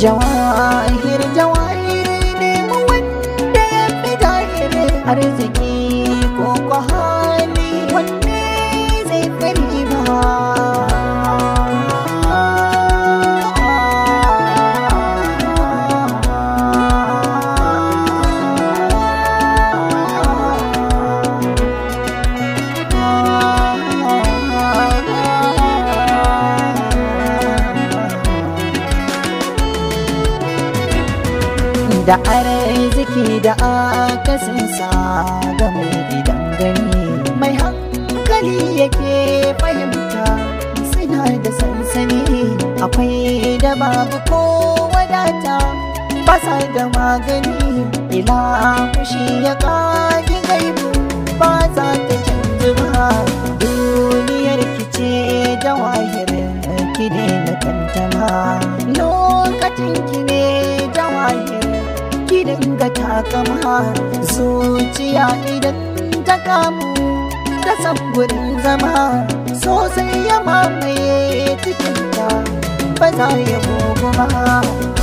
jawahir jawahiri ne mu wanda ya fi tahiri arziki da arziki da akasinsa ga mai gidan gani mai hankali yake fahimta suna da sansani akwai da babu ko wadata basa da magani ila fushi ya kaji gaibu ba za ta canji ba duniyar kice jawahirin ki na kantama lokacin kine kama zuciya idan ta kamu ta san gurin zama sosai ya mamaye cikinta ba za ya mugu ba